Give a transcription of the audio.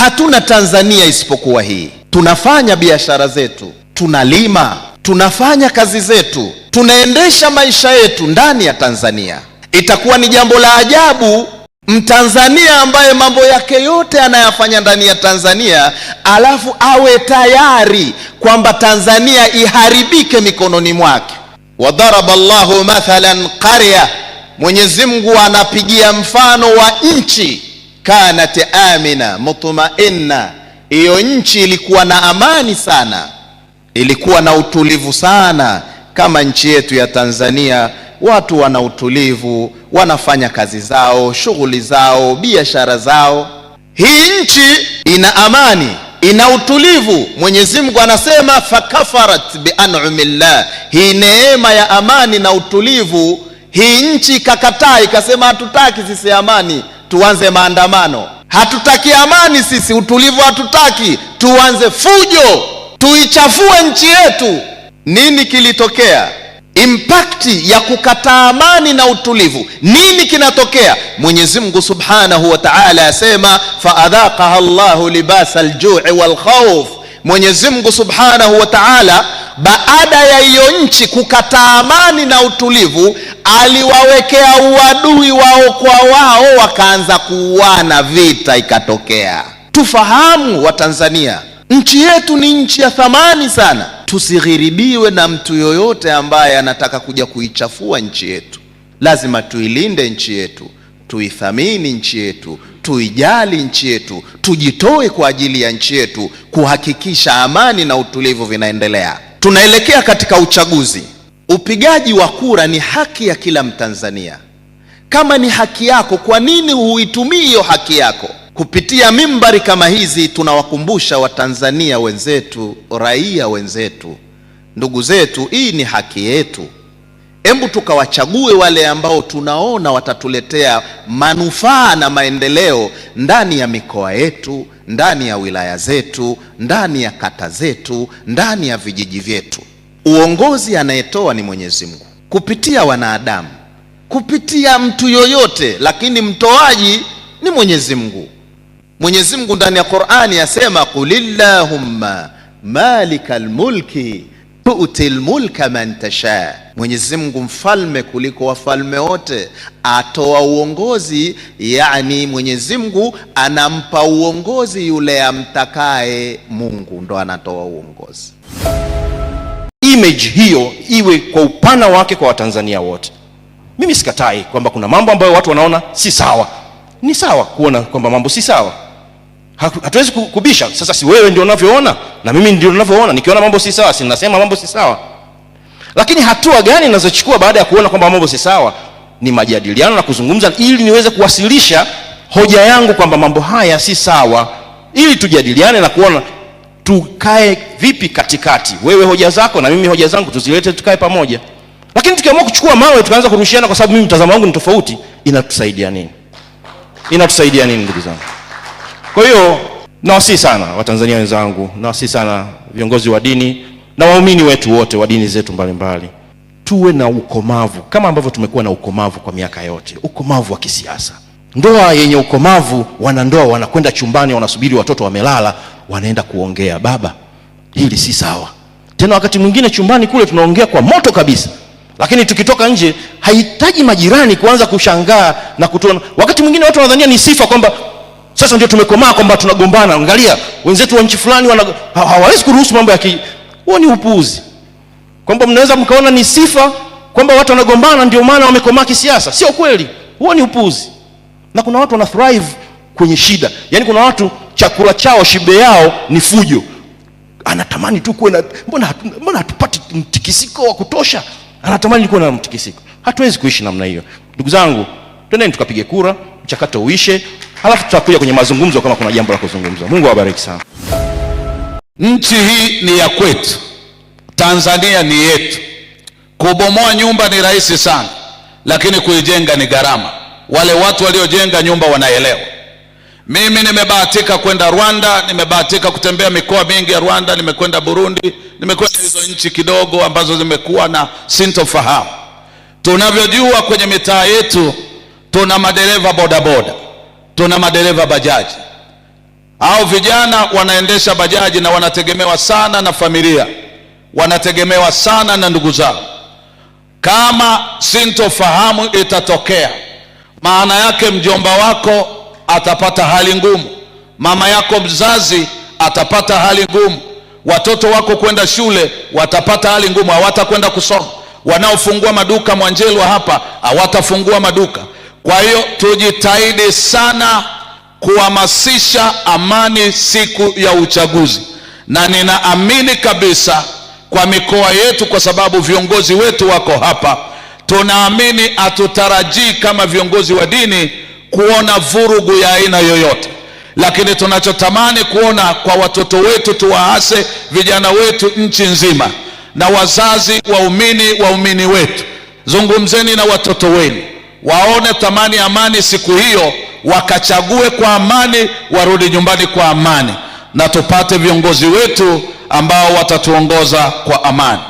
Hatuna Tanzania isipokuwa hii. Tunafanya biashara zetu, tunalima, tunafanya kazi zetu, tunaendesha maisha yetu ndani ya Tanzania. Itakuwa ni jambo la ajabu Mtanzania ambaye mambo yake yote anayafanya ndani ya Tanzania, alafu awe tayari kwamba Tanzania iharibike mikononi mwake. Wadharaba llahu mathalan qarya, Mwenyezi Mungu anapigia mfano wa nchi kanat amina mutmainna, hiyo nchi ilikuwa na amani sana, ilikuwa na utulivu sana, kama nchi yetu ya Tanzania. Watu wana utulivu, wanafanya kazi zao, shughuli zao, biashara zao. Hii nchi ina amani, ina utulivu. Mwenyezi Mungu anasema fakafarat bianumillah, hii neema ya amani na utulivu, hii nchi ikakataa, ikasema hatutaki sisi amani tuanze maandamano. Hatutaki amani sisi, utulivu hatutaki, tuanze fujo, tuichafue nchi yetu. Nini kilitokea? Impakti ya kukataa amani na utulivu, nini kinatokea? Mwenyezi Mungu Subhanahu wa Ta'ala asema faadhaqaha Allahu libasa aljui walkhawf. Mwenyezi Mungu Subhanahu wa Ta'ala baada ya hiyo nchi kukataa amani na utulivu aliwawekea uadui wao kwa wao, wakaanza kuuana, vita ikatokea. Tufahamu Watanzania, nchi yetu ni nchi ya thamani sana, tusighiribiwe na mtu yoyote ambaye anataka kuja kuichafua nchi yetu. Lazima tuilinde nchi yetu, tuithamini nchi yetu, tuijali nchi yetu, tujitoe kwa ajili ya nchi yetu, kuhakikisha amani na utulivu vinaendelea. Tunaelekea katika uchaguzi. Upigaji wa kura ni haki ya kila Mtanzania. Kama ni haki yako, kwa nini huitumii hiyo haki yako? Kupitia mimbari kama hizi, tunawakumbusha Watanzania wenzetu, raia wenzetu, ndugu zetu, hii ni haki yetu. Hebu tukawachague wale ambao tunaona watatuletea manufaa na maendeleo ndani ya mikoa yetu, ndani ya wilaya zetu, ndani ya kata zetu, ndani ya vijiji vyetu. Uongozi anayetoa ni Mwenyezi Mungu kupitia wanadamu, kupitia mtu yoyote, lakini mtoaji ni Mwenyezi Mungu. Mwenyezi Mungu ndani ya Qur'ani yasema, qulillahumma malikal mulki tutil mulka man tasha. Mwenyezi Mungu mfalme kuliko wafalme wote, atoa uongozi, yani Mwenyezi Mungu anampa uongozi yule amtakaye. Mungu ndo anatoa uongozi image hiyo iwe kwa upana wake kwa Watanzania wote. Mimi sikatai kwamba kuna mambo ambayo watu wanaona si sawa. Ni sawa kuona kwamba mambo si sawa, hatuwezi kubisha. Sasa si wewe ndio unavyoona na mimi ndio ninavyoona. Nikiona mambo si sawa, sinasema mambo si sawa. Lakini hatua gani ninazochukua baada ya kuona kwamba mambo si sawa? Ni majadiliano na kuzungumza, ili niweze kuwasilisha hoja yangu kwamba mambo haya si sawa, ili tujadiliane na kuona tukae vipi katikati, wewe hoja zako na mimi hoja zangu, tuzilete tukae pamoja. Lakini tukiamua kuchukua mawe tukaanza kurushiana kwa sababu mimi mtazamo wangu ni tofauti, inatusaidia nini? Inatusaidia nini, ndugu zangu? Kwa hiyo nawasihi sana Watanzania wenzangu, nawasihi sana viongozi wa dini na waumini wetu wote wa dini zetu mbalimbali, tuwe na ukomavu kama ambavyo tumekuwa na ukomavu kwa miaka yote, ukomavu wa kisiasa. Ndoa yenye ukomavu, wanandoa wanakwenda chumbani, wanasubiri watoto wamelala, wanaenda kuongea, baba, hili si sawa. Tena wakati mwingine chumbani kule tunaongea kwa moto kabisa, lakini tukitoka nje hahitaji majirani kuanza kushangaa na kutuona. Wakati mwingine watu wanadhania ni sifa kwamba sasa ndio tumekomaa kwamba tunagombana. Angalia wenzetu wa nchi fulani hawawezi kuruhusu mambo ya ki. Huo ni upuuzi, kwamba mnaweza mkaona ni sifa kwamba watu wanagombana ndio maana wamekomaa kisiasa. Sio kweli, huo ni upuuzi. Na kuna watu wana thrive kwenye shida, yaani kuna watu chakula chao, shibe yao ni fujo. Anatamani tu kuwe na, mbona mbona hatupati mtikisiko wa kutosha? Anatamani kuwe na mtikisiko. Hatuwezi kuishi namna hiyo, ndugu zangu. Twendeni tukapige kura, mchakato uishe, halafu tutakuja kwenye mazungumzo kama kuna jambo la kuzungumza. Mungu awabariki sana. Nchi hii ni ya kwetu, Tanzania ni yetu. Kubomoa nyumba ni rahisi sana, lakini kuijenga ni gharama. Wale watu waliojenga nyumba wanaelewa. Mimi nimebahatika kwenda Rwanda, nimebahatika kutembea mikoa mingi ya Rwanda, nimekwenda Burundi, nimekwenda hizo nchi kidogo ambazo zimekuwa na sintofahamu. Tunavyojua kwenye mitaa yetu tuna madereva bodaboda, tuna madereva bajaji. Hao vijana wanaendesha bajaji na wanategemewa sana na familia, wanategemewa sana na ndugu zao. Kama sintofahamu itatokea, maana yake mjomba wako atapata hali ngumu, mama yako mzazi atapata hali ngumu, watoto wako kwenda shule watapata hali ngumu, hawatakwenda kusoma. Wanaofungua maduka Mwanjelwa hapa hawatafungua maduka. Kwa hiyo tujitahidi sana kuhamasisha amani siku ya uchaguzi, na ninaamini kabisa kwa mikoa yetu, kwa sababu viongozi wetu wako hapa, tunaamini hatutarajii kama viongozi wa dini kuona vurugu ya aina yoyote, lakini tunachotamani kuona kwa watoto wetu, tuwaase vijana wetu nchi nzima, na wazazi, waumini, waumini wetu, zungumzeni na watoto wenu, waone thamani amani siku hiyo, wakachague kwa amani, warudi nyumbani kwa amani, na tupate viongozi wetu ambao watatuongoza kwa amani.